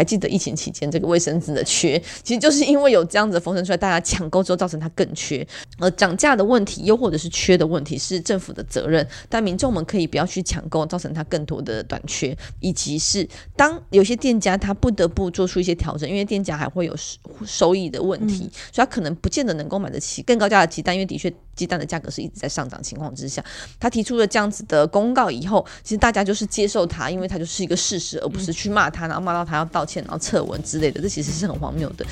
還記得疫情期間這個衛生紙的缺，其實就是因為有這樣子的風聲出來，大家搶購之後造成它更缺。而、呃、漲價的問題，又或者是缺的問題，是政府的責任。但民眾們可以不要去搶購，造成它更多的短缺，以及是當有些店家他不得不做出一些調整，因為店家還會有收收益的問題，嗯、所以他可能不見得能夠買得起更高價的雞蛋，因為的確。雞蛋的價格是一直在上漲情況之下，他提出了這樣子的公告以後，其實大家就是接受他，因為他就是一個事實，而不是去罵他，然後罵到他要道歉，然後撤文之類的，這其實是很荒謬的。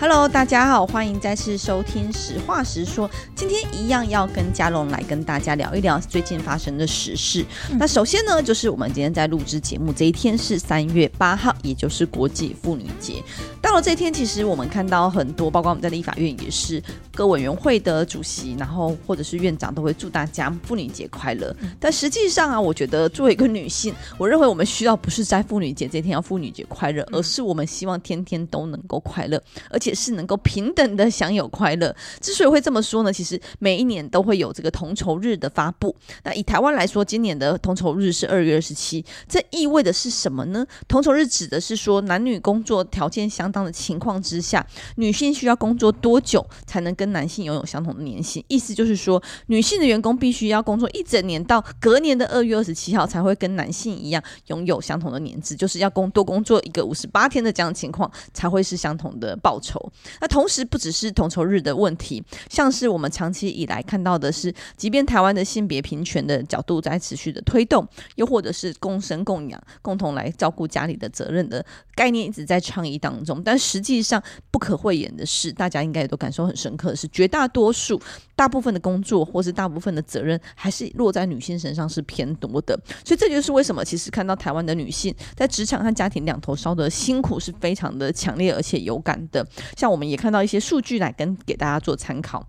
Hello，大家好，歡迎再次收聽《實話實說》。今天一樣要跟佳蓉來跟大家聊一聊最近發生的時事。嗯、那首先呢，就是我們今天在錄制節目這一天是三月八號，也就是國際婦女節。到了這一天，其實我們看到很多，包括我們在立法院也是各委員會的主席，然後或者是院長，都會祝大家婦女節快樂。嗯、但實際上啊，我覺得作為一個女性，我認為我們需要不是在婦女節這天要婦女節快樂，而是我們希望天天都能夠快樂，而且。也是能夠平等的享有快樂。之所以會這麼說呢，其實每一年都會有這個同酬日的發布。那以台灣來說，今年的同酬日是二月二十七。這意味着是什麼呢？同酬日指的是說，男女工作條件相當的情況之下，女性需要工作多久才能跟男性擁有相同的年薪？意思就是說，女性的員工必須要工作一整年，到隔年的二月二十七號才會跟男性一樣擁有相同的年資，就是要工多工作一個五十八天的這樣的情況才會是相同的報酬。那同時，不只是同酬日的問題，像是我們長期以來看到的是，即便台灣的性別平權的角度在持續的推動，又或者是共生共養、共同來照顧家裡的責任的概念一直在倡議當中，但實際上不可諱言的是，大家應該也都感受很深刻的是，絕大多數、大部分的工作或是大部分的責任，還是落在女性身上是偏多的。所以這就是為什麼，其實看到台灣的女性在職場和家庭兩頭燒的辛苦是非常的強烈而且有感的。像我們也看到一些數據來跟給大家做參考。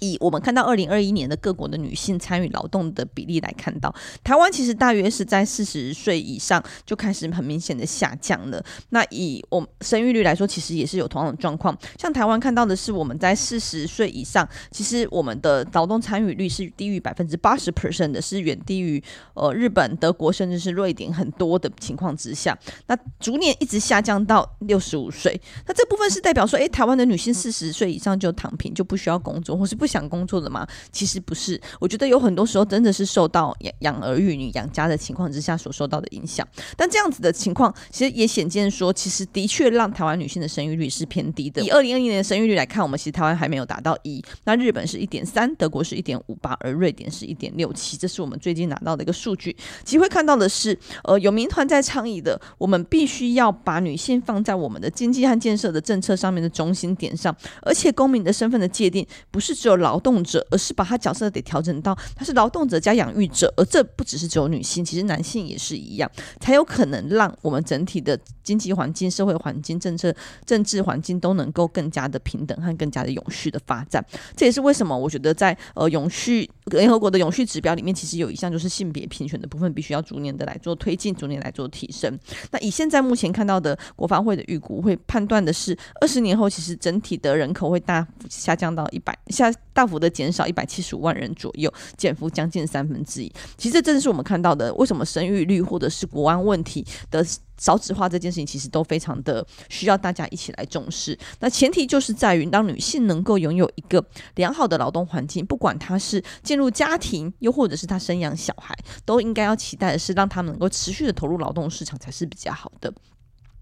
以我們看到二零二一年的各國的女性參與勞動的比例來看到，台灣其實大約是在四十歲以上就開始很明顯的下降了。那以我們生育率來說，其實也是有同樣的狀況。像台灣看到的是，我們在四十歲以上，其實我們的勞動參與率是低於百分之八十 percent 的，是遠低於呃日本、德國甚至是瑞典很多的情況之下。那逐年一直下降到六十五歲，那這部分是代表說，誒，台灣的女性四十歲以上就躺平就不需要工作，或是不。想工作的嗎？其實不是，我覺得有很多時候真的是受到養養兒育女、養家的情況之下所受到的影響。但這樣子的情況，其實也顯見說，其實的確讓台灣女性的生育率是偏低的。以二零二零年的生育率來看，我們其實台灣還沒有達到一。那日本是一點三，德國是一點五八，而瑞典是一點六七，這是我們最近拿到的一個數據。其實會看到的是，呃，有民團在倡議的，我們必須要把女性放在我們的經濟和建設的政策上面的中心點上，而且公民的身份的界定不是只有，勞動者，而是把他角色得調整到他是勞動者加養育者，而這不只是只有女性，其實男性也是一樣，才有可能讓我們整體的經濟環境、社會環境、政策、政治環境都能夠更加的平等和更加的永續的發展。這也是為什麼我覺得在呃永續聯合國的永續指標裡面，其實有一項就是性別平權的部分，必須要逐年的來做推進，逐年來做提升。那以現在目前看到的國發會的預估，會判斷的是二十年後，其實整體的人口會大幅下降到一百下。大幅的減少一百七十五萬人左右，減幅將近三分之一。其實這正是我們看到的，為什麼生育率或者是國安問題的少子化這件事情，其實都非常的需要大家一起來重視。那前提就是在於，當女性能夠擁有一個良好的勞動環境，不管她是進入家庭，又或者是她生養小孩，都應該要期待的是，讓她們能夠持續的投入勞動市場才是比較好的。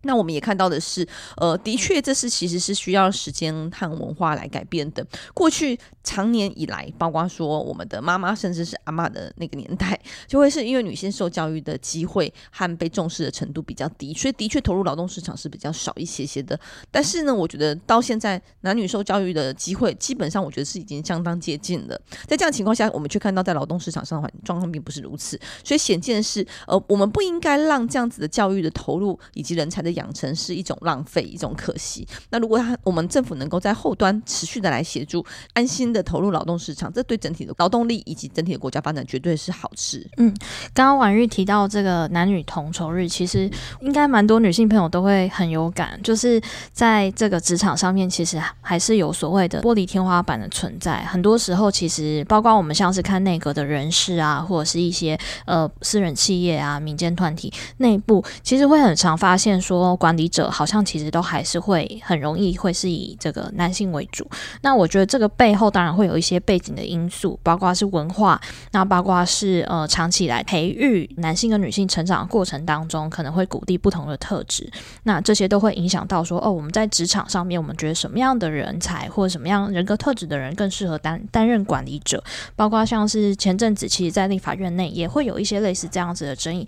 那我們也看到的是，呃，的確，這是其實是需要時間和文化來改變的。過去。常年以來，包括說我們的媽媽甚至是阿嬤的那個年代，就會是因為女性受教育的機會和被重視的程度比較低，所以的確投入勞動市場是比較少一些些的。但是呢，我覺得到現在男女受教育的機會，基本上我覺得是已經相當接近了。在這樣情況下，我們卻看到在勞動市場上的環狀況並不是如此。所以顯見的是，呃，我們不應該讓這樣子的教育的投入以及人才的養成是一種浪費，一種可惜。那如果他我們政府能夠在後端持續的來協助，安心的。投入勞動市場，這對整體的勞動力以及整體的國家發展絕對是好事。嗯，剛剛婉諭提到這個男女同酬日，其實應該蠻多女性朋友都會很有感，就是在這個職場上面，其實還是有所謂的玻璃天花板的存在。很多時候，其實包括我們像是看內閣的人事啊，或者是一些呃私人企業啊、民間團體內部，其實會很常發現說，管理者好像其實都還是會很容易會是以這個男性為主。那我覺得這個背後當然。會有一些背景的因素，包括是文化，那包括是呃長期來培育男性跟女性成長的過程當中，可能會鼓勵不同的特質，那這些都會影響到說，哦，我們在職場上面，我們覺得什麼樣的人才，或者什麼樣人格特質的人更適合擔擔任管理者，包括像是前陣子，其實在立法院內也會有一些類似這樣子的爭議。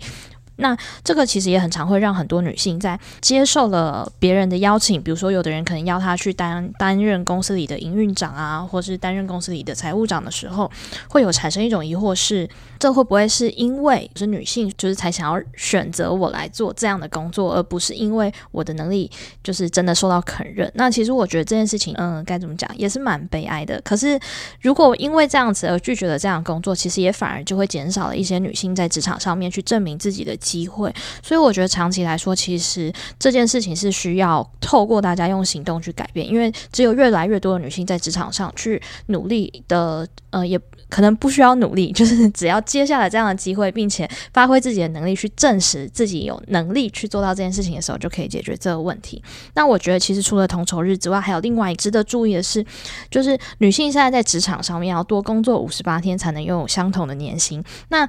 那這個其實也很常會讓很多女性在接受了別人的邀請，比如說，有的人可能邀她去擔擔任公司裡的營運長啊，或是擔任公司裡的財務長的時候，會有產生一種疑惑是：是這會不會是因為是女性就是才想要選擇我來做這樣的工作，而不是因為我的能力就是真的受到肯認？那其實我覺得這件事情，嗯、呃，該怎麼講，也是蠻悲哀的。可是如果因為這樣子而拒絕了這樣的工作，其實也反而就會減少了一些女性在職場上面去證明自己的機會，所以我覺得長期來說，其實這件事情是需要透過大家用行動去改變，因為只有越來越多的女性在職場上去努力的，呃，也可能不需要努力，就是只要接下來這樣的機會，並且發揮自己的能力去證實自己有能力去做到這件事情的時候，就可以解決這個問題。那我覺得，其實除了同酬日之外，還有另外值得注意的是，就是女性現在在職場上面要多工作五十八天才能擁有相同的年薪。那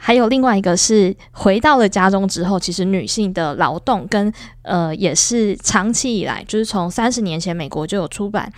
還有另外一個是回到了家中之後，其實女性的勞動跟呃，也是長期以來，就是從三十年前美國就有出版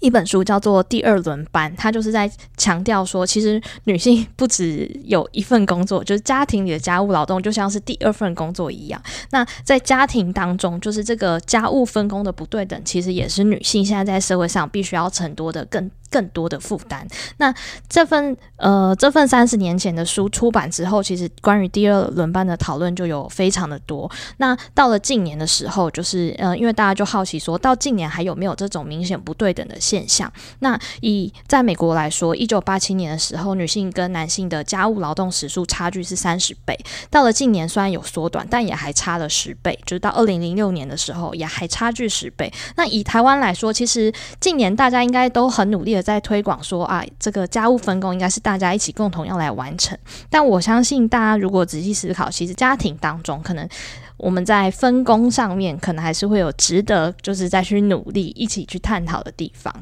一本書叫做《第二輪班》，它就是在強調說，其實女性不只有一份工作，就是家庭裡的家務勞動就像是第二份工作一樣。那在家庭當中，就是這個家務分工的不對等，其實也是女性現在在社會上必須要承擔的更更多的負擔。那這份呃，這份三十年前的書出版之後，其實關於第二輪班的討論就有非常的多。那到了近年的時候，就是嗯、呃，因為大家就好奇說，說到近年還有沒有這種明顯不對等的現象？那以在美國來說，一九八七年的時候，女性跟男性的家務勞動時數差距是三十倍。到了近年，雖然有縮短，但也還差了十倍，就是到二零零六年的時候，也還差距十倍。那以台灣來說，其實近年大家應該都很努力。在推廣說啊，這個家務分工應該是大家一起共同要來完成。但我相信，大家如果仔細思考，其實家庭當中，可能我們在分工上面，可能還是會有值得，就是再去努力一起去探討的地方。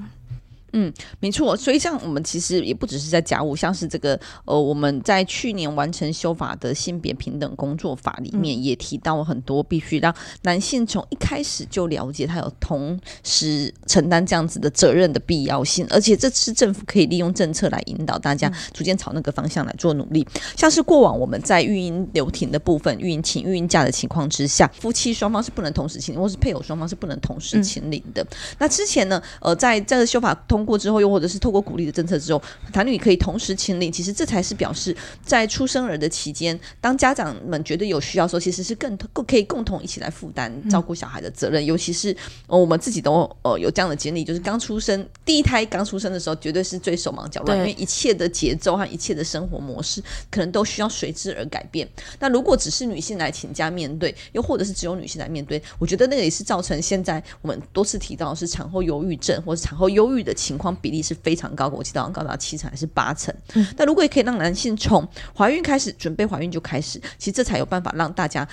嗯，沒錯，所以像我們其實也不只是在家務，像是這個呃，我們在去年完成修法的性別平等工作法裡面，也提到了很多，必須讓男性從一開始就了解他有同時承擔這樣子的責任的必要性，而且這次政府可以利用政策來引導大家逐漸朝那個方向來做努力。像是過往我們在育嬰留停的部分，育嬰請育嬰假的情況之下，夫妻雙方是不能同時請，或是配偶雙方是不能同時請領的。嗯、那之前呢，呃，在這個修法通過之後，又或者是透過鼓勵的政策之後，男女可以同時請領。其實這才是表示在出生兒的期間，當家長們覺得有需要的時候，其實是更，更可以共同一起來負擔照顧小孩的責任。嗯、尤其是、呃、我們自己都有呃有這樣的經歷，就是剛出生第一胎剛出生的時候，絕對是最手忙腳亂，對因為一切的節奏和一切的生活模式可能都需要隨之而改變。那如果只是女性來請假面對，又或者是只有女性來面對，我覺得那個也是造成現在我們多次提到是產後憂鬱症或者產後憂鬱的。情況比例是非常高的，我記得好像高達七成還是八成。那如果也可以讓男性從懷孕開始，準備懷孕就開始，其實這才有辦法讓大家。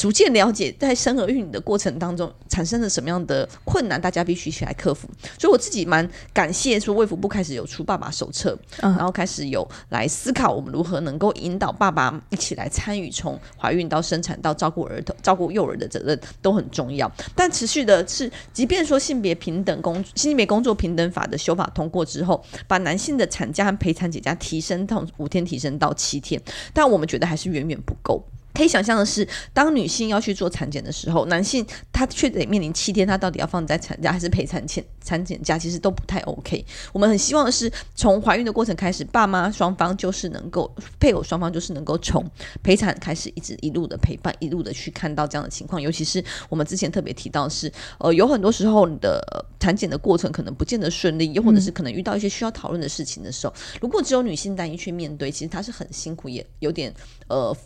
逐漸了解，在生兒育女的過程當中，產生了什麼樣的困難，大家必須一起來克服。所以我自己蠻感謝，說衛福部開始有出爸爸手冊，嗯、然後開始有來思考我們如何能夠引導爸爸一起來參與，從懷孕到生產到照顧兒童、照顧幼兒的責任都很重要。但持續的是，即便說性別平等工作，性別工作平等法的修法通過之後，把男性的產假和陪產假提升到五天，提升到七天，但我們覺得還是遠遠不夠。可以想象的是，當女性要去做產檢的時候，男性他卻得面臨七天，他到底要放在產假還是陪產前產檢假，其實都不太 OK。我們很希望的是，從懷孕的過程開始，爸媽雙方就是能夠配偶雙方就是能夠從陪產開始，一直一路的陪伴，一路的去看到這樣的情況。尤其是我們之前特別提到的是，呃，有很多時候你的產檢的過程可能不見得順利，又或者是可能遇到一些需要討論的事情的時候，嗯、如果只有女性單一去面對，其實她是很辛苦，也有點呃。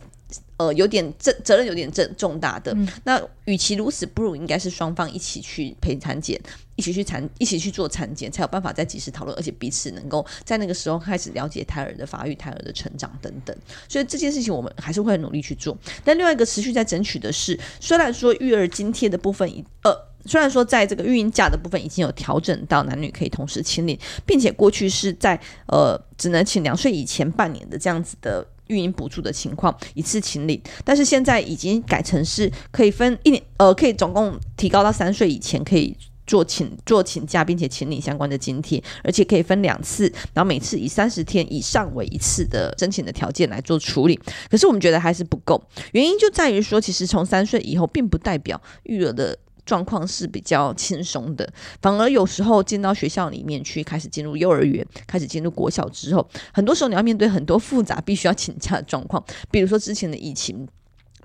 呃，有點責責任有點重重大的。嗯、那與其如此，不如應該是雙方一起去陪產檢，一起去產，一起去做產檢，才有辦法再及時討論，而且彼此能夠在那個時候開始了解胎兒的發育、胎兒的成長等等。所以這件事情我們還是會努力去做。但另外一個持續在爭取的是，雖然說育兒津貼的部分已呃，雖然說在這個育嬰假的部分已經有調整到男女可以同時請領，並且過去是在，呃，只能請兩歲以前半年的這樣子的，運營補助的情況一次請領，但是現在已經改成是可以分一年，呃，可以總共提高到三歲以前可以做請做請假，並且請領相關的津貼，而且可以分兩次，然後每次以三十天以上為一次的申請的條件來做處理。可是我們覺得還是不夠，原因就在於說，其實從三歲以後，並不代表育兒的。狀況是比較輕鬆的，反而有時候進到學校裡面去，開始進入幼兒園，開始進入國小之後，很多時候你要面對很多複雜必須要請假的狀況，比如說之前的疫情。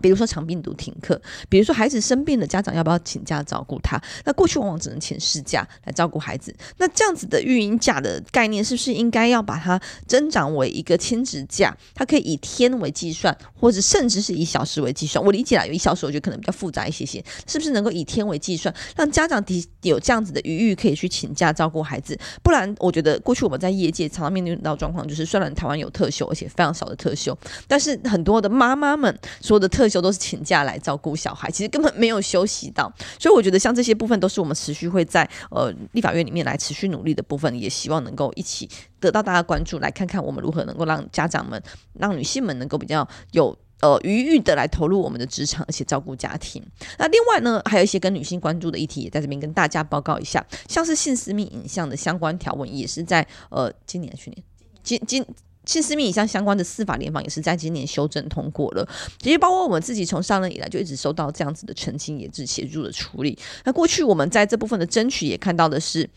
比如說腸病毒停課，比如說孩子生病的家長要不要請假照顧他？那過去往往只能請事假來照顧孩子。那這樣子的育嬰假的概念，是不是應該要把它增長為一個親子假？它可以以天為計算，或者甚至是以小時為計算。我理解了，有一小時我覺得可能比較複雜一些些，是不是能夠以天為計算，讓家長的有這樣子的餘裕可以去請假照顧孩子？不然，我覺得過去我們在業界常常面臨到的狀況就是，雖然台灣有特休，而且非常少的特休，但是很多的媽媽們說的特休候都是請假來照顧小孩，其實根本沒有休息到，所以我覺得像這些部分都是我們持續會在呃立法院裡面來持續努力的部分，也希望能夠一起得到大家關注，來看看我們如何能夠讓家長們、讓女性們能夠比較有呃餘裕的來投入我們的職場，而且照顧家庭。那另外呢，還有一些跟女性關注的議題也在這邊跟大家報告一下，像是性私密影像的相關條文，也是在呃今年、去年、今今。性私密影像相關的司法聯防也是在今年修正通過了，其實包括我們自己從上任以來就一直收到這樣子的陳情，也是協助的處理。那過去我們在這部分的爭取也看到的是。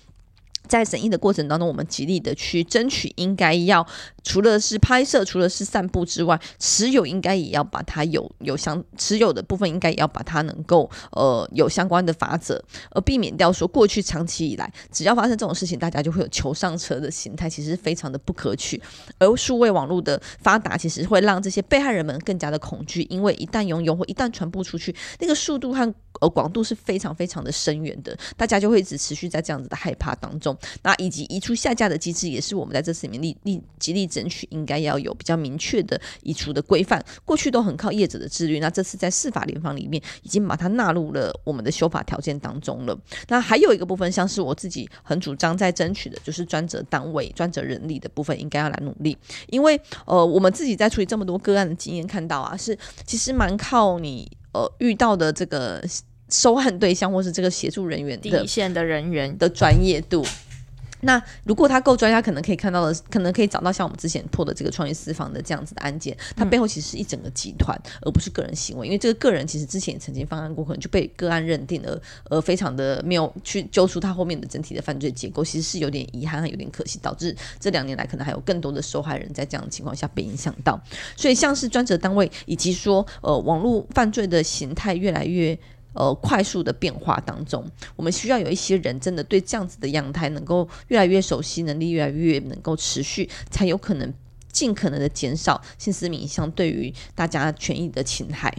在審議的過程當中，我們極力的去爭取，應該要除了是拍攝，除了是散布之外，持有應該也要把它有有相持有的部分，應該也要把它能夠呃有相關的法則，而避免掉說，過去長期以來，只要發生這種事情，大家就會有求上車的心態，其實是非常的不可取。而數位網絡的發達，其實會讓這些被害人們更加的恐懼，因為一旦擁有或一旦傳播出去，那個速度和呃廣度是非常非常的深遠的，大家就會一直持續在這樣子的害怕當中。那以及移除下架的機制也是我們在這次裡面力力極力爭取，應該要有比較明確的移除的規範。過去都很靠業者的自律，那這次在司法聯防裡面已經把它納入了我們的修法條件當中了。那還有一個部分，像是我自己很主張在爭取的，就是專責單位、專責人力的部分應該要來努力，因為呃，我們自己在處理這麼多個案的經驗看到啊，是其實蠻靠你呃遇到的這個收案對象或是這個協助人員的底線的人員的專業度。那如果他夠專家，他可能可以看到的，可能可以找到像我們之前破的這個創意私房的這樣子的案件，嗯、它背後其實是一整個集團，而不是個人行為。因為這個個人其實之前也曾經犯案過，可能就被個案認定了，而、呃、而非常的沒有去揪出他後面的整體的犯罪結構，其實是有點遺憾，有點可惜，導致這兩年來可能還有更多的受害人在這樣的情況下被影響到。所以像是專責單位以及說呃網絡犯罪的形態越來越。呃，快速的變化當中，我們需要有一些人真的對這樣子的樣態能夠越來越熟悉，能力越來越能夠持續，才有可能盡可能的減少性私密影像對於大家權益的侵害。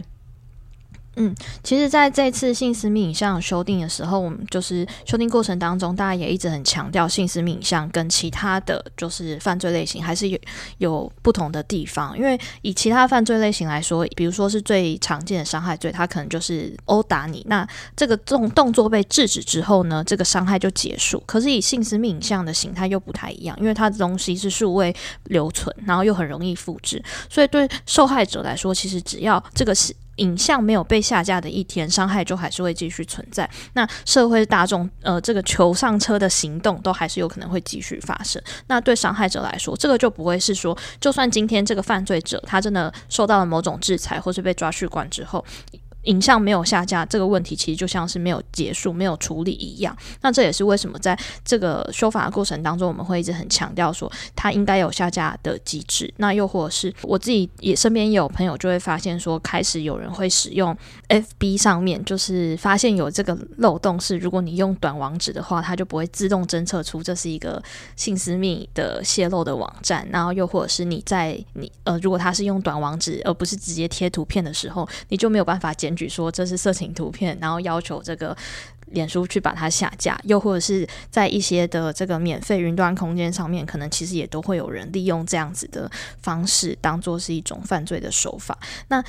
嗯，其實在這次性私密影像修訂的時候，我們就是修訂過程當中，大家也一直很強調性私密影像跟其他的，就是犯罪類型還是有有不同的地方。因為以其他犯罪類型來說，比如說是最常見的傷害罪，它可能就是毆打你，那這個這種動作被制止之後呢，這個傷害就結束。可是以性私密影像的形態又不太一樣，因為它的東西是數位留存，然後又很容易複製，所以對受害者來說，其實只要這個是。影像沒有被下架的一天，傷害就還是會繼續存在。那社會大眾，呃，這個求上車的行動都還是有可能會繼續發生。那對傷害者來說，這個就不會是說，就算今天這個犯罪者他真的受到了某種制裁，或是被抓去關之後。影像沒有下架這個問題，其實就像是沒有結束、沒有處理一樣。那這也是為什麼在這個修法的過程當中，我們會一直很強調說，它應該有下架的機制。那又或者是我自己也身邊也有朋友就會發現說，開始有人會使用 FB 上面，就是發現有這個漏洞是，如果你用短網址的話，它就不會自動偵測出這是一個性私密的洩露的網站。然後又或者是你在你呃，如果他是用短網址而不是直接貼圖片的時候，你就沒有辦法檢，說這是色情圖片，然後要求這個臉書去把它下架，又或者是在一些的這個免費雲端空間上面，可能其實也都會有人利用這樣子的方式，當做是一種犯罪的手法。那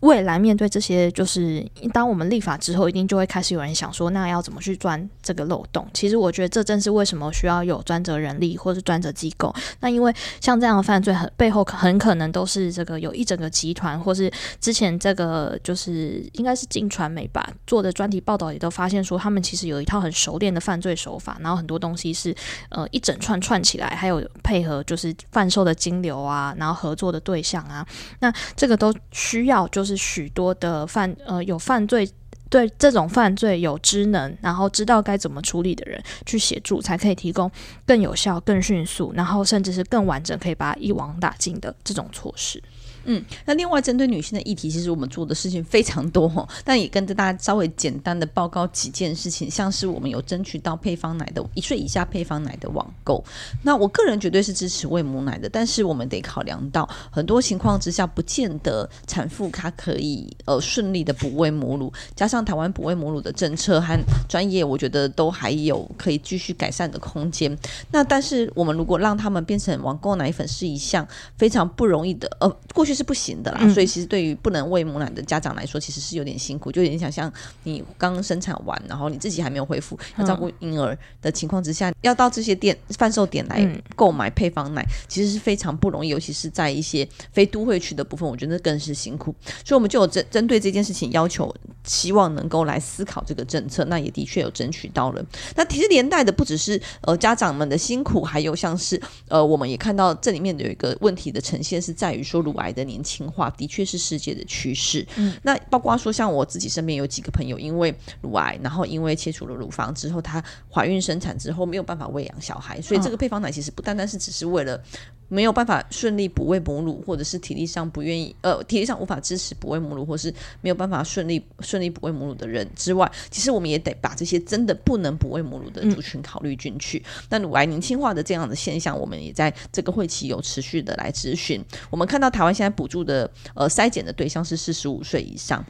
未來面對這些，就是當我們立法之後，一定就會開始有人想說，那要怎麼去鑽這個漏洞？其實我覺得這正是為什麼需要有專責人力或是專責機構。那因為像這樣的犯罪很，很背後很可能都是這個有一整個集團，或是之前這個就是應該是鏡傳媒吧做的專題報道也都發現說，他們其實有一套很熟練的犯罪手法，然後很多東西是呃一整串串起來，還有配合就是販售的金流啊，然後合作的對象啊，那這個都需要就是。是許多的犯，呃，有犯罪。對這種犯罪有知能，然後知道該怎麼處理的人去協助，才可以提供更有效、更迅速，然後甚至是更完整，可以把它一網打盡的這種措施。嗯，那另外針對女性的議題，其實我們做的事情非常多，但也跟着大家稍微簡單的報告幾件事情，像是我們有爭取到配方奶的一歲以下配方奶的網購。那我個人絕對是支持餵母奶的，但是我們得考量到很多情況之下，不見得產婦她可以呃順利的哺餵母乳，加上台灣哺餵母乳的政策和專業，我覺得都還有可以繼續改善的空間。那但是我們如果讓他們變成網購奶粉，是一項非常不容易的，呃，過去。是不行的啦，嗯、所以其實對於不能餵母奶的家長來說，其實是有點辛苦，就有點想像你剛生產完，然後你自己還沒有恢復，要照顧嬰兒的情況之下，嗯、要到這些店販售點來購買配方奶，嗯、其實是非常不容易，尤其是在一些非都會區的部分，我覺得那更是辛苦。所以，我們就有針針對這件事情要求，希望能夠來思考這個政策。那也的確有爭取到了。那其實連帶的不只是呃家長們的辛苦，還有像是呃我們也看到這裡面有一個問題的呈現是在於說乳癌的。年輕化的確是世界的趨勢。嗯，那包括說像我自己身邊有幾個朋友，因為乳癌，然後因為切除了乳房之後，她懷孕生產之後沒有辦法餵養小孩，所以這個配方奶其實不單單是只是為了。沒有辦法順利哺餵母乳，或者是體力上不願意，呃，體力上無法支持哺餵母乳，或是沒有辦法順利順利哺餵母乳的人之外，其實我們也得把這些真的不能哺餵母乳的族群考慮進去。那、嗯、乳癌年輕化的這樣的現象，我們也在這個會期有持續的來質詢。我們看到台灣現在補助的呃篩檢的對象是四十五歲以上，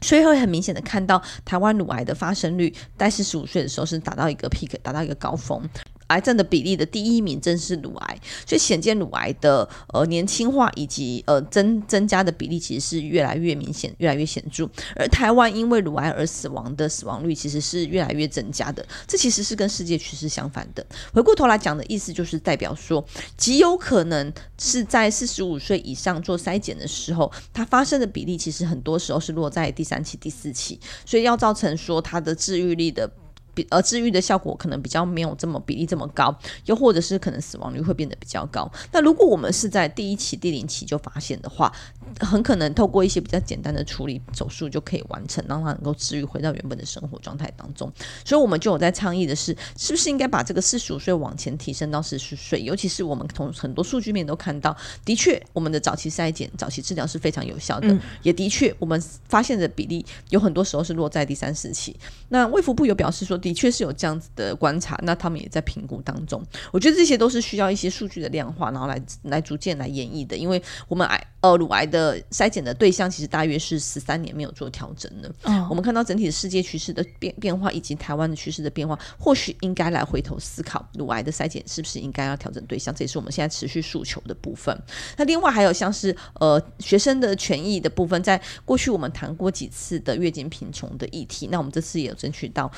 所以會很明顯的看到台灣乳癌的發生率在四十五歲的時候是達到一個 peak，達到一個高峰。癌症的比例的第一名正是乳癌，所以顯見乳癌的呃年輕化以及呃增增加的比例其實是越來越明顯，越來越顯著。而台灣因為乳癌而死亡的死亡率其實是越來越增加的，這其實是跟世界趨勢相反的。回過頭來講的意思就是代表說，極有可能是在四十五歲以上做篩檢的時候，它發生的比例其實很多時候是落在第三期、第四期，所以要造成說它的治癒率的。比呃治癒的效果可能比較沒有這麼比例這麼高，又或者是可能死亡率會變得比較高。那如果我們是在第一期、第零期就發現的話，很可能透過一些比較簡單的處理手術就可以完成，讓他能夠治癒，回到原本的生活狀態當中。所以，我們就有在倡議的是，是不是應該把這個四十五歲往前提升到四十歲？尤其是我們從很多數據面都看到，的確我們的早期篩檢、早期治療是非常有效的，嗯、也的確我們發現的比例有很多時候是落在第三、四期。那衛福部有表示說的確是有這樣子的觀察，那他們也在評估當中。我覺得這些都是需要一些數據的量化，然後來來逐漸來演繹的。因為我們癌呃乳癌的篩檢的對象其實大約是十三年沒有做調整的。Oh. 我們看到整體的世界趨勢的變變化，以及台灣的趨勢的變化，或許應該來回頭思考乳癌的篩檢是不是應該要調整對象，這也是我們現在持續訴求的部分。那另外還有像是呃學生的權益的部分，在過去我們談過幾次的月經貧窮的議題，那我們這次也有爭取到。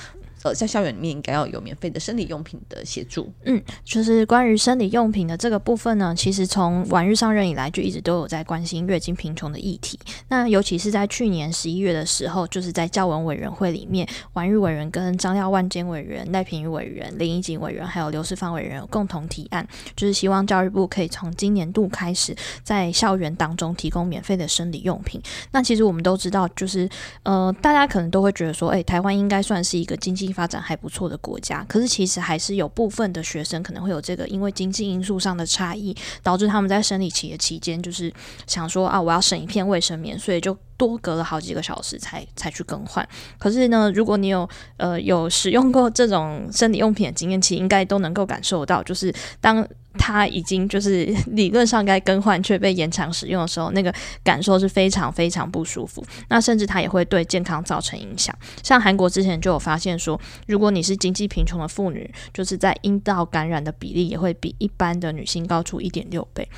呃，在校園裡面應該要有免費的生理用品的協助。嗯，就是關於生理用品的這個部分呢，其實從婉諭上任以來就一直都有在關心月經貧窮的議題。那尤其是在去年十一月的時候，就是在教文委員會裡面，婉諭委員跟張廖萬堅委員、賴品妤委員、林宜瑾委員還有劉世芳委員有共同提案，就是希望教育部可以從今年度開始在校園當中提供免費的生理用品。那其實我們都知道，就是呃，大家可能都會覺得說，誒、欸，台灣應該算是一個經濟。發展還不錯的國家，可是其實還是有部分的學生可能會有這個，因為經濟因素上的差異，導致他們在生理期的期間，就是想說啊，我要省一片衛生棉，所以就多隔了好幾個小時才才去更換。可是呢，如果你有呃有使用過這種生理用品的經驗，其實應該都能夠感受到，就是當它已經就是理論上該更換，卻被延長使用的時候，那個感受是非常非常不舒服，那甚至它也會對健康造成影響。像韓國之前就有發現說，如果你是經濟貧窮的婦女，就是在陰道感染的比例也會比一般的女性高出一點六倍。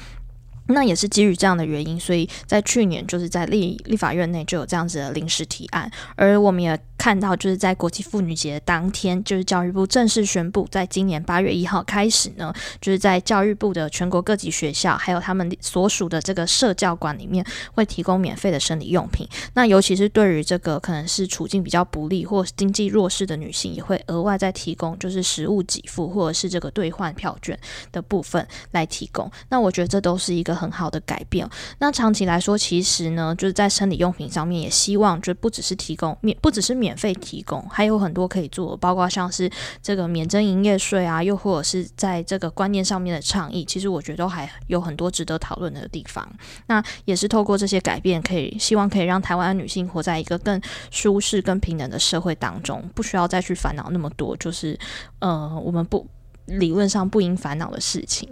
那也是基於這樣的原因，所以在去年就是在立立法院內就有這樣子的臨時提案，而我們也看到就是在國際婦女節當天，就是教育部正式宣布，在今年八月一號開始呢，就是在教育部的全國各級學校，還有他們所屬的這個社教館裡面，會提供免費的生理用品。那尤其是對於這個可能是處境比較不利或經濟弱勢的女性，也會額外再提供就是實物給付或者是這個兌換票券的部分來提供。那我覺得這都是一個，很好的改變。那長期來說，其實呢，就是在生理用品上面，也希望就不只是提供免，不只是免費提供，還有很多可以做，包括像是這個免徵營業稅啊，又或者是在這個觀念上面的倡議，其實我覺得都還有很多值得討論的地方。那也是透過這些改變，可以希望可以讓台灣女性活在一個更舒適、更平等的社會當中，不需要再去煩惱那麼多，就是呃，我們不，理論上不應煩惱的事情。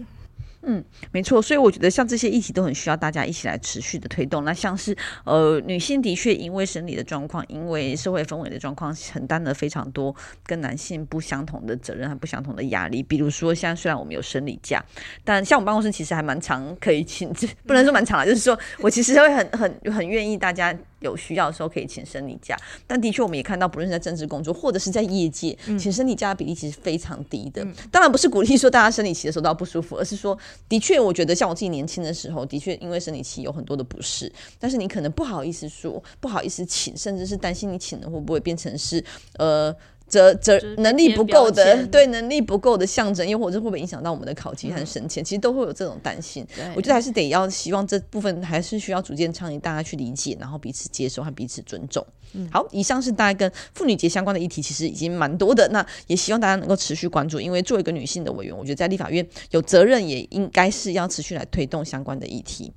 嗯，沒錯，所以我覺得像這些議題都很需要大家一起來持續的推動。那像是呃，女性的確因為生理的狀況，因為社會氛圍的狀況，承擔了非常多跟男性不相同的責任和不相同的壓力。比如說，現在雖然我們有生理假，但像我辦公室其實還蠻常可以請，不能說蠻常啊， 就是說我其實會很很很願意大家。有需要的時候可以請生理假，但的確我們也看到，不論是在政治工作或者是在業界，請生理假的比例其實非常低的。嗯、當然不是鼓勵說大家生理期的時候都不舒服，而是說，的確我覺得像我自己年輕的時候，的確因為生理期有很多的不適，但是你可能不好意思說，不好意思請，甚至是擔心你請了會不會變成是呃。責責能力不夠的，別別對能力不夠的象徵，又或者會不會影響到我們的考績和升遷，嗯、其實都會有這種擔心。對我覺得還是得要希望這部分還是需要逐漸倡議大家去理解，然後彼此接受和彼此尊重。嗯、好，以上是大家跟婦女節相關的議題，其實已經蠻多的。那也希望大家能夠持續關注，因為作為一個女性的委員，我覺得在立法院有責任，也應該是要持續來推動相關的議題。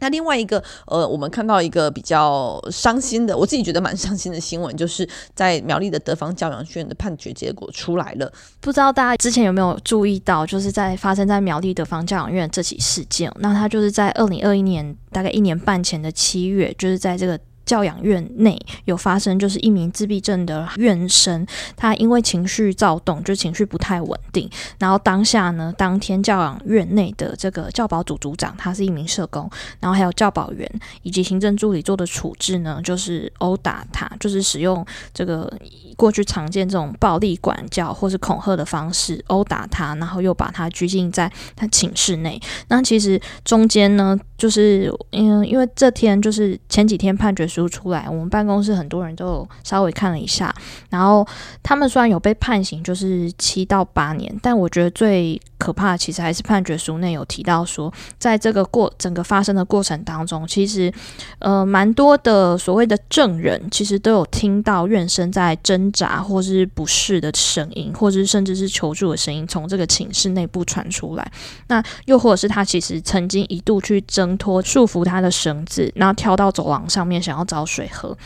那另外一個，呃，我們看到一個比較傷心的，我自己覺得蠻傷心的新聞，就是在苗栗的德芳教養院的判決結果出來了。不知道大家之前有沒有注意到，就是在發生在苗栗德芳教養院這起事件，那它就是在二零二一年大概一年半前的七月，就是在這個。教養院內有發生，就是一名自閉症的院生，他因為情緒躁動，就情緒不太穩定。然後當下呢，當天教養院內的這個教保組組長，他是一名社工，然後還有教保員以及行政助理做的處置呢，就是毆打他，就是使用這個過去常見這種暴力管教或是恐嚇的方式毆打他，然後又把他拘禁在他寢室內。那其實中間呢，就是因、嗯、因為這天就是前幾天判決書。出來，我們辦公室很多人都有稍微看了一下。然後他們雖然有被判刑，就是七到八年，但我覺得最可怕的其實還是判決書內有提到說，在這個過整個發生的過程當中，其實呃蠻多的所謂的證人其實都有聽到院生在掙扎或是不適的聲音，或者是甚至是求助的聲音從這個寢室內部傳出來。那又或者是他其實曾經一度去掙脫束縛他的繩子，然後跳到走廊上面想要。找水喝，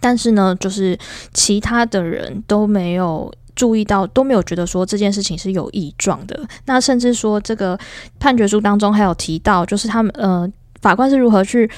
但是呢，就是其他的人都沒有注意到，都沒有覺得說這件事情是有異狀的。那甚至說，這個判決書當中還有提到，就是他們呃，法官是如何去。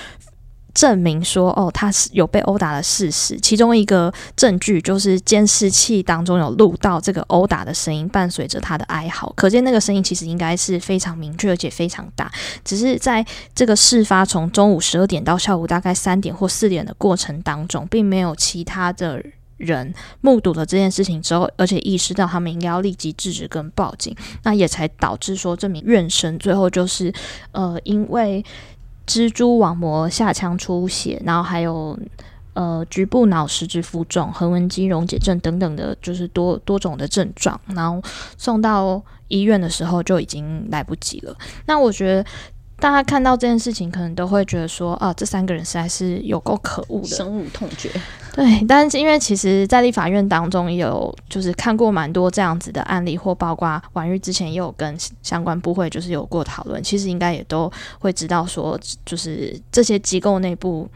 證明說哦，他是有被毆打的事實。其中一個證據就是監視器當中有錄到這個毆打的聲音，伴隨着他的哀嚎。可見那個聲音其實應該是非常明確，而且非常大。只是在這個事發從中午十二點到下午大概三點或四點的過程當中，並沒有其他的人目睹了這件事情之後，而且意識到他們應該要立即制止跟報警，那也才導致說這名院生最後就是呃，因為。蜘蛛網膜下腔出血，然後還有呃局部腦實質浮腫、橫紋肌溶解症等等的，就是多多種的症狀。然後送到醫院的時候就已經來不及了。那我覺得大家看到這件事情，可能都會覺得說，啊，這三個人實在是有夠可惡的，深惡痛絕。對，但是因為其實，在立法院當中有就是看過蠻多這樣子的案例，或包括婉諭之前也有跟相關部會就是有過討論，其實應該也都會知道說，就是這些機構內部。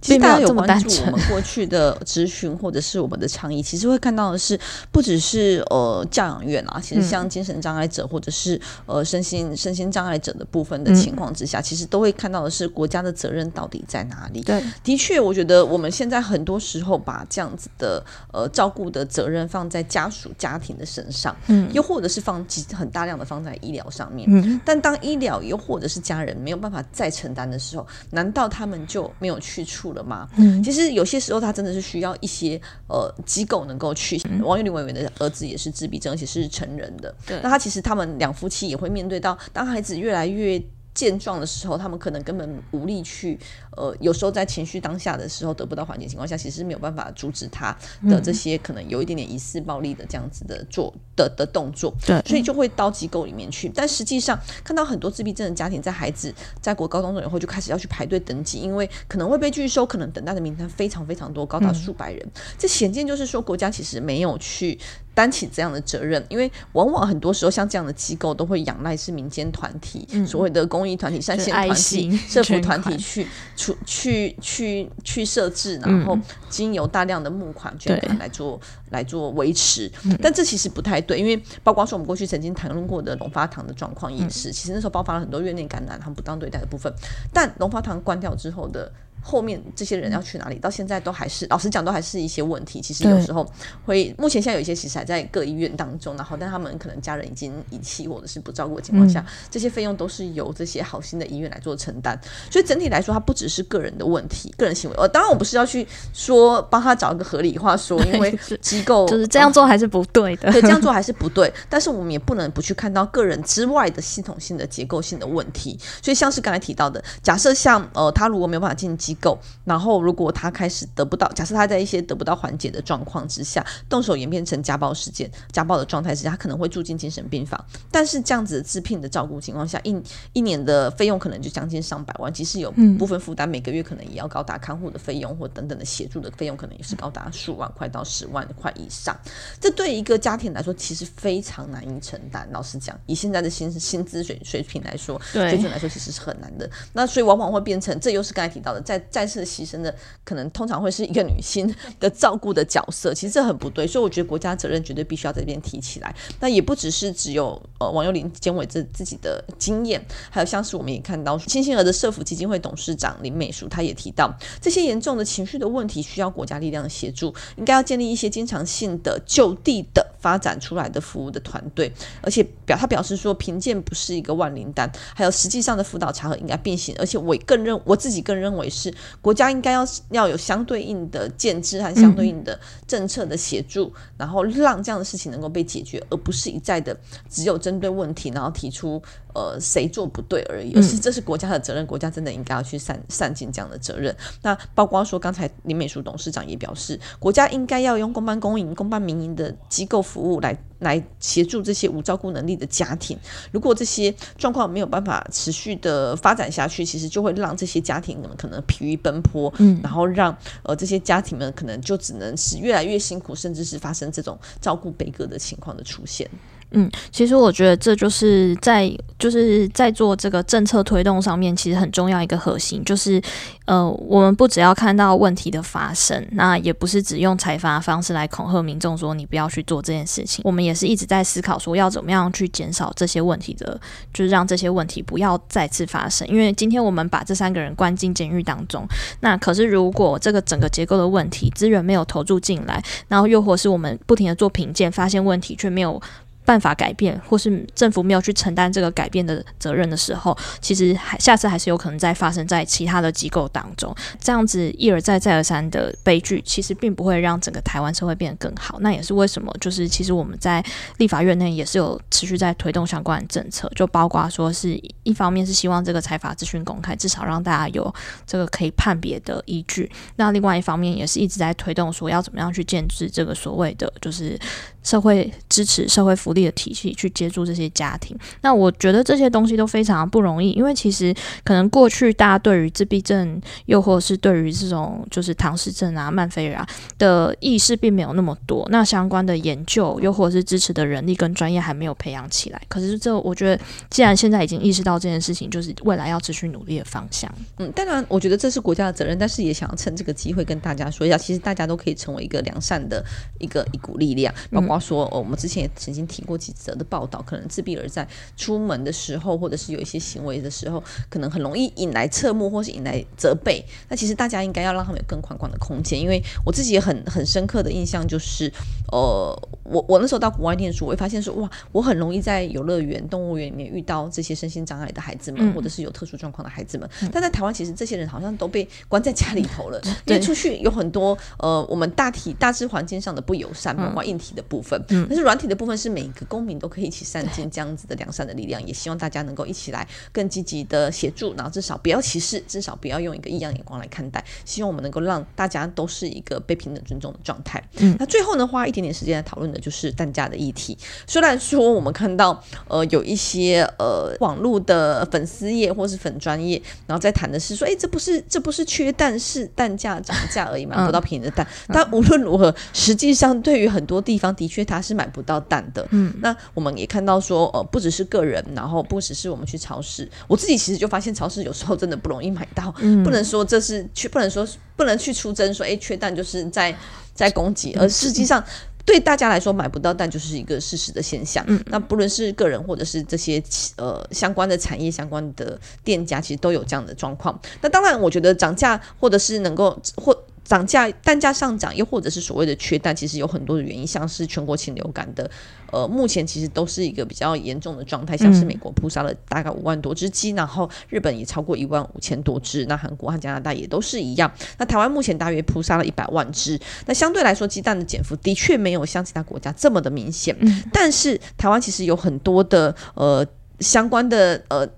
其實大家有關注我們過去的諮詢或者是我們的倡議，其實會看到的是，不只是呃教養院啊，其實像精神障礙者或者是呃身心身心障礙者的部分的情況之下，其實都會看到的是國家的責任到底在哪裡？對，的確，我覺得我們現在很多時候把這樣子的呃照顧的責任放在家屬家庭的身上，嗯，又或者是放幾很大量的放在醫療上面，嗯，但當醫療又或者是家人沒有辦法再承擔的時候，難道他們就沒有去處了嘛，嗯，其實有些時候他真的是需要一些呃機構能夠去。王玉玲委員的兒子也是自閉症，而且是成人的。嗯，那他其實他們兩夫妻也會面對到，當孩子越來越。健壯的時候，他們可能根本無力去，呃，有時候在情緒當下的時候得不到緩解情況下，其實是沒有辦法阻止他的這些可能有一點點疑似暴力的這樣子的做的的動作。對、嗯，所以就會到機構裡面去。嗯、但實際上看到很多自閉症的家庭，在孩子在國高中以後就開始要去排隊登記，因為可能會被拒收，可能等待的名單非常非常多，高達數百人。嗯、這顯見就是說國家其實沒有去。擔起這樣的責任，因為往往很多時候像這樣的機構都會仰賴是民間團體、嗯、所謂的公益團體、善心團體、社福團體去出款去去去，去設置，然後經由大量的募款捐款來做對來做維持。嗯、但這其實不太對，因為包括說我們過去曾經談論過的龍發堂的狀況也是，嗯、其實那時候爆發了很多院內感染和不當對待的部分。但龍發堂關掉之後的。後面這些人要去哪裡？到現在都還是老實講，都還是一些問題。其實有時候會，對目前現在有一些其實還在各醫院當中，然後但他們可能家人已經遺棄或者是不照顧的情況下，嗯、這些費用都是由這些好心的醫院來做承擔。所以整體來說，它不只是個人的問題、個人行為。而、呃、當然，我不是要去說幫他找一個合理化說，因為機構就是這樣做還是不對的，呃、對，這樣做還是不對。 但是我們也不能不去看到個人之外的系統性的結構性的問題。所以像是剛才提到的，假設像呃，他如果沒有辦法進機構。機構，然後如果他開始得不到，假設他在一些得不到緩解的狀況之下，動手演變成家暴事件，家暴的狀態之下，他可能會住進精神病房。但是這樣子的自聘的照顧情況下，一一年的費用可能就將近上百萬，即使有部分負擔，每個月可能也要高達看護的費用或等等的協助的費用，可能也是高達數萬塊到十萬塊以上。這對一個家庭來說，其實非常難以承擔。老實講，以現在的薪薪資水水平來說，對水準來說其實是很難的。那所以往往會變成，這又是剛才提到的，在再次犧牲的可能通常會是一個女性的照顧的角色，其實這很不對，所以我覺得國家責任絕對必須要在這邊提起來。那也不只是只有呃王幼玲監委自自己的經驗，還有像是我們也看到新興兒的社福基金會董事長林美淑，她也提到這些嚴重的情緒的問題需要國家力量的協助，應該要建立一些經常性的就地的發展出來的服務的團隊，而且表他表示說，評鑑不是一個萬靈丹，還有實際上的輔導場合應該並行，而且我更認我自己更認為是。國家應該要要有相對應的建制和相對應的政策的協助，嗯、然後讓這樣的事情能夠被解決，而不是一再的只有針對問題，然後提出。呃，誰做不對而已，而是這是國家的責任，國家真的應該要去善善盡這樣的責任。那包括說，剛才林美淑董事長也表示，國家應該要用公辦公營、公辦民營的機構服務來來協助這些無照顧能力的家庭。如果這些狀況沒有辦法持續的發展下去，其實就會讓這些家庭們可能疲於奔波，嗯，然後讓呃這些家庭們可能就只能是越來越辛苦，甚至是發生這種照顧悲歌的情況的出現。嗯，其實我覺得這就是在就是在做這個政策推動上面，其實很重要一個核心就是，呃，我們不只要看到問題的發生，那也不是只用裁罰方式來恐嚇民眾說你不要去做這件事情。我們也是一直在思考說要怎麼樣去減少這些問題的，就是讓這些問題不要再次發生。因為今天我們把這三個人關進監獄當中，那可是如果這個整個結構的問題資源沒有投入進來，然後又或是我們不停的做評鑑，發現問題卻沒有。辦法改變，或是政府沒有去承擔這個改變的責任的時候，其實還下次還是有可能再發生在其他的機構當中。這樣子一而再再而三的悲劇，其實並不會讓整個台灣社會變得更好。那也是為什麼，就是其實我們在立法院內也是有持續在推動相關的政策，就包括說是一方面是希望這個財法資訊公開，至少讓大家有這個可以判別的依據。那另外一方面也是一直在推動說要怎麼樣去建制這個所謂的就是。社會支持、社會福利的體系去接住這些家庭，那我覺得這些東西都非常不容易，因為其實可能過去大家對於自閉症，又或者是對於這種就是唐氏症啊、慢飛兒啊的意識並沒有那麼多，那相關的研究又或者是支持的人力跟專業還沒有培養起來。可是這，我覺得既然現在已經意識到這件事情，就是未來要持續努力的方向。嗯，當然，我覺得這是國家的責任，但是也想要趁這個機會跟大家說一下，其實大家都可以成為一個良善的一個一股力量，包括他說：“哦，我們之前也曾經提過幾則的報道，可能自閉兒在出門的時候，或者是有一些行為的時候，可能很容易引來側目，或是引來責備。那其實大家應該要讓他們有更寬廣的空間。因為我自己很很深刻的印象就是，呃，我我那時候到國外念書，我會發現說，哇，我很容易在遊樂園、動物園裡面遇到這些身心障礙的孩子們，或者是有特殊狀況的孩子們。嗯、但在台灣，其實這些人好像都被關在家裡頭了，嗯、因為出去有很多呃，我們大體大致環境上的不友善，包括硬體的不。”份，但是軟體的部分是每一個公民都可以一起散盡這樣子的良善的力量，對也希望大家能夠一起來更積極的協助，然後至少不要歧視，至少不要用一個異樣眼光來看待，希望我們能夠讓大家都是一個被平等尊重的狀態。嗯、那最後呢，花一點點時間來討論的就是蛋價的議題。雖然說我們看到呃有一些呃網絡的粉絲頁或是粉專業，然後在談的是說，哎、欸，這不是這不是缺蛋，是蛋價漲價而已嘛，買不到便宜的蛋。嗯、但無論如何，嗯、實際上對於很多地方的。缺它是買不到蛋的，嗯，那我們也看到說，呃，不只是個人，然後不只是我們去超市，我自己其實就發現超市有時候真的不容易買到，嗯，不能說這是去，不能說不能去出征說，說，欸，哎缺蛋就是在在攻擊，嗯，而實際上的對大家來說買不到蛋就是一個事實的現象，嗯，那不論是個人或者是這些呃相關的產業相關的店家，其實都有這樣的狀況。那當然，我覺得漲價或者是能夠或。漲價，蛋價上漲，又或者是所謂的缺蛋，其實有很多的原因，像是全國禽流感的，呃，目前其實都是一個比較嚴重的狀態，像是美國撲殺了大概五萬多隻雞，嗯、然後日本也超過一萬五千多隻，那韓國和加拿大也都是一樣，那台灣目前大約撲殺了一百萬隻，那相對來說雞蛋的減幅的確沒有像其他國家這麼的明顯，嗯、但是台灣其實有很多的呃相關的呃。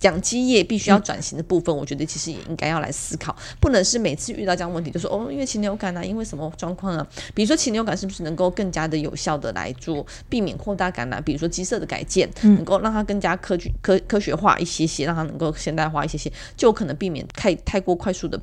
講雞業必須要轉型的部分，嗯、我覺得其實也應該要來思考，不能是每次遇到這樣的問題就說哦，因為禽流感啊，因為什麼狀況啊？比如說禽流感是不是能夠更加的有效的來做避免擴大感染啊？比如說雞舍的改建，嗯、能夠讓它更加科學、科科學化一些些，讓它能夠現代化一些些，就可能避免太太過快速的。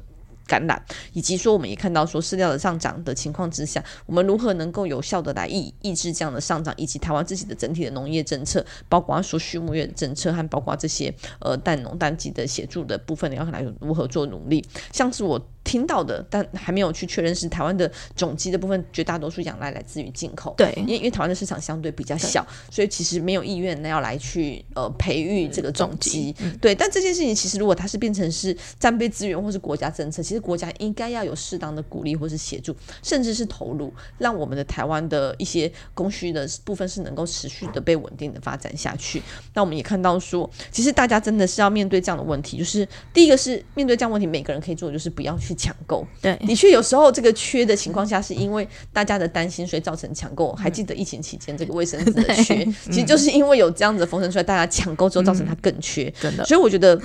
感染，以及說我們也看到說，飼料的上漲的情況之下，我們如何能夠有效的來抑抑制這樣的上漲，以及台灣自己的整體的農業政策，包括說畜牧業政策，還包括這些呃蛋農蛋雞的協助的部分，你要看它如何做努力，像是我。聽到的，但還沒有去確認是台灣的種雞的部分，絕大多數仰賴來自於進口。對，因為因為台灣的市場相對比較小，對所以其實沒有意願那要來去呃培育這個種雞。種雞，嗯、對，但這件事情其實如果它是變成是戰備資源或是國家政策，其實國家應該要有適當的鼓勵或是協助，甚至是投入，讓我們的台灣的一些供需的部分是能夠持續的被穩定的發展下去。那我們也看到說，其實大家真的是要面對這樣的問題，就是第一個是面對這樣的問題，每個人可以做的就是不要去。搶購，對，的確有時候這個缺的情況下，是因為大家的擔心，所以造成搶購。嗯、還記得疫情期間這個衛生紙的缺，對其實就是因為有這樣子風聲出來，大家搶購之後造成它更缺。嗯、真的，所以我覺得，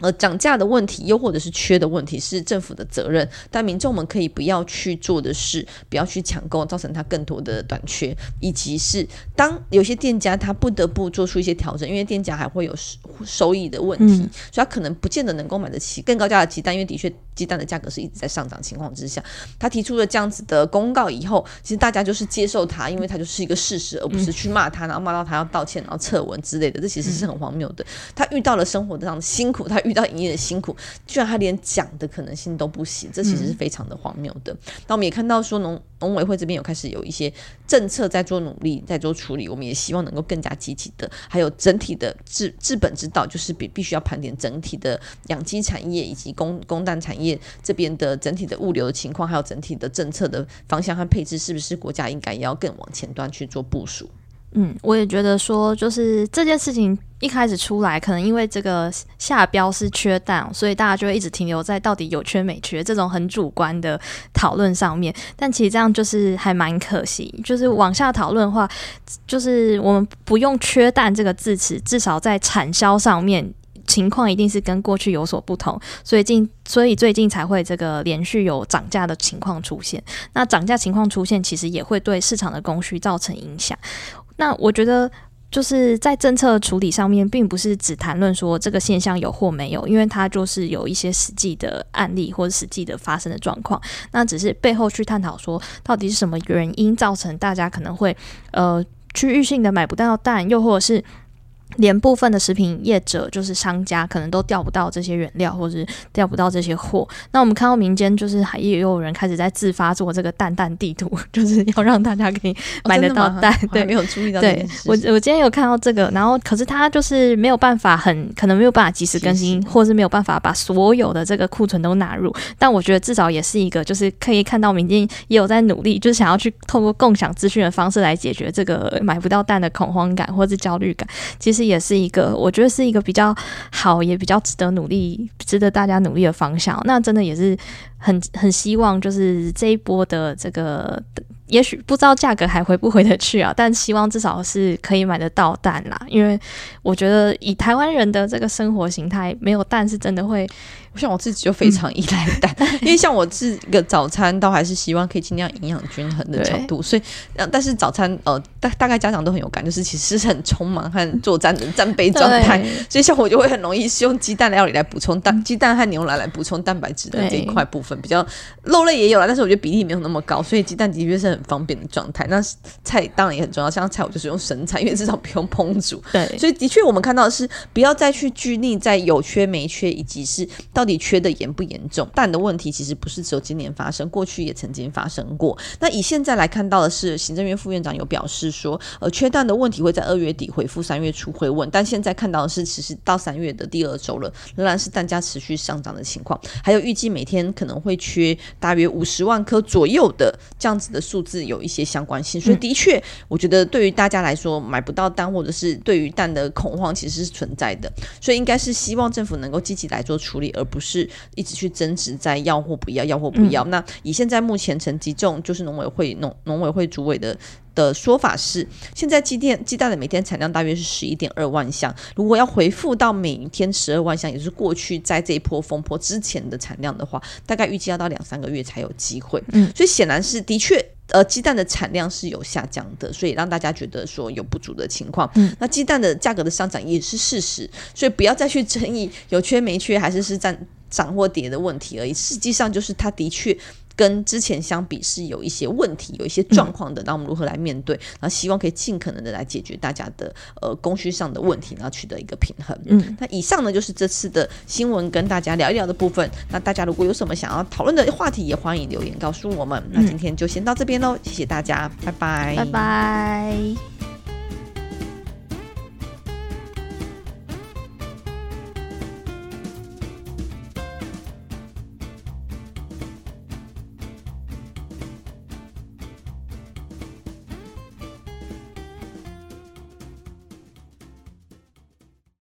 呃，漲價的問題，又或者是缺的問題，是政府的責任。但民眾們可以不要去做的事，不要去搶購，造成它更多的短缺，以及是當有些店家他不得不做出一些調整，因為店家還會有收收益的問題，嗯、所以他可能不見得能夠買得起更高價的雞蛋，因為的確。雞蛋的價格是一直在上漲情況之下，他提出了這樣子的公告以後，其實大家就是接受他，因為他就是一個事實，而不是去罵他，然後罵到他要道歉，然後撤文之類的，這其實是很荒謬的。他遇到了生活的這樣辛苦，他遇到營業的辛苦，居然他連講的可能性都不行，這其實是非常的荒謬的。那、嗯、我們也看到說，農農委會這邊有開始有一些政策在做努力，在做處理，我們也希望能夠更加積極的，還有整體的治治本之道，就是必必須要盤點整體的養雞產業以及供供蛋產業。這邊的整體的物流的情況，還有整體的政策的方向和配置，是不是國家應該也要更往前端去做部署？嗯，我也覺得說，就是這件事情一開始出來，可能因為這個下標是缺蛋，所以大家就會一直停留在到底有缺沒缺這種很主觀的討論上面。但其實這樣就是還蠻可惜。就是往下討論的話，就是我們不用“缺蛋”這個字詞，至少在產銷上面。情況一定是跟過去有所不同，所以近所以最近才會這個連續有漲價的情況出現。那漲價情況出現，其實也會對市場的供需造成影響。那我覺得就是在政策處理上面，並不是只談論說這個現象有或沒有，因為它就是有一些實際的案例或者實際的發生的狀況。那只是背後去探討說，到底是什麼原因造成大家可能會呃區域性的買不到蛋，又或者是。連部分的食品業者，就是商家，可能都調不到這些原料，或者調不到這些貨。那我們看到民間就是還也有人開始在自發做這個蛋蛋地圖，就是要讓大家可以買得到蛋。哦，對，沒有注意到這件事。對，我我今天有看到這個，然後可是他就是沒有辦法很，很可能沒有辦法及時更新，其實。或是沒有辦法把所有的這個庫存都納入。但我覺得至少也是一個，就是可以看到民間也有在努力，就是想要去透過共享資訊的方式來解決這個買不到蛋的恐慌感或者焦慮感。其實。這也是一個，我覺得是一個比較好，也比較值得努力、值得大家努力的方向。那真的也是很很希望，就是這一波的這個，也許不知道價格還回不回得去啊，但希望至少是可以買得到蛋啦。因為我覺得以台灣人的這個生活形態，沒有蛋是真的會。我想我自己就非常依賴蛋，嗯、因為像我自個早餐，倒還是希望可以盡量營養均衡的角度，對所以但是早餐呃大大概家長都很有感，就是其實是很匆忙和作戰的戰備狀態，對所以像我就會很容易是用雞蛋料理來補充蛋，雞蛋和牛奶來補充蛋白質的這一塊部分，對比較肉類也有了，但是我覺得比例沒有那麼高，所以雞蛋的確是很方便的狀態。那菜當然也很重要，像菜我就是用生菜，因為至少不用烹煮。對，所以的確我們看到的是不要再去拘泥在有缺沒缺，以及是。到底缺的嚴不嚴重？蛋的問題其實不是只有今年發生，過去也曾經發生過。那以現在來看到的是，行政院副院長有表示說，呃，缺蛋的問題會在二月底回復，三月初會問。但現在看到的是，其實到三月的第二周了，仍然是蛋價持續上漲的情況。還有預計每天可能會缺大約五十萬顆左右的這樣子的數字，有一些相關性。嗯、所以的確，我覺得對於大家來說，買不到蛋或者是對於蛋的恐慌，其實是存在的。所以應該是希望政府能夠積極來做處理，而不是一直去爭執在要或不要，要或不要。嗯、那以現在目前成績中，就是農委會農農委會主委的的說法是，現在雞蛋雞蛋的每天產量大約是十一點二萬箱。如果要恢復到每天十二萬箱，也就是過去在這一波風波之前的產量的話，大概預計要到兩三個月才有機會。嗯，所以顯然是的確。呃，雞蛋的產量是有下降的，所以讓大家覺得說有不足的情況。嗯。那雞蛋的價格的上漲也是事實，所以不要再去爭議有缺沒缺，還是是漲漲或跌的問題而已。實際上就是它的確。跟之前相比是有一些問題，有一些狀況的，那我們如何來面對？然後希望可以盡可能的來解決大家的呃供需上的問題，然後取得一個平衡。嗯，那以上呢就是這次的新聞跟大家聊一聊的部分。那大家如果有什麼想要討論的話題，也歡迎留言告訴我們。那今天就先到這邊嘍，謝謝大家，拜拜，拜拜。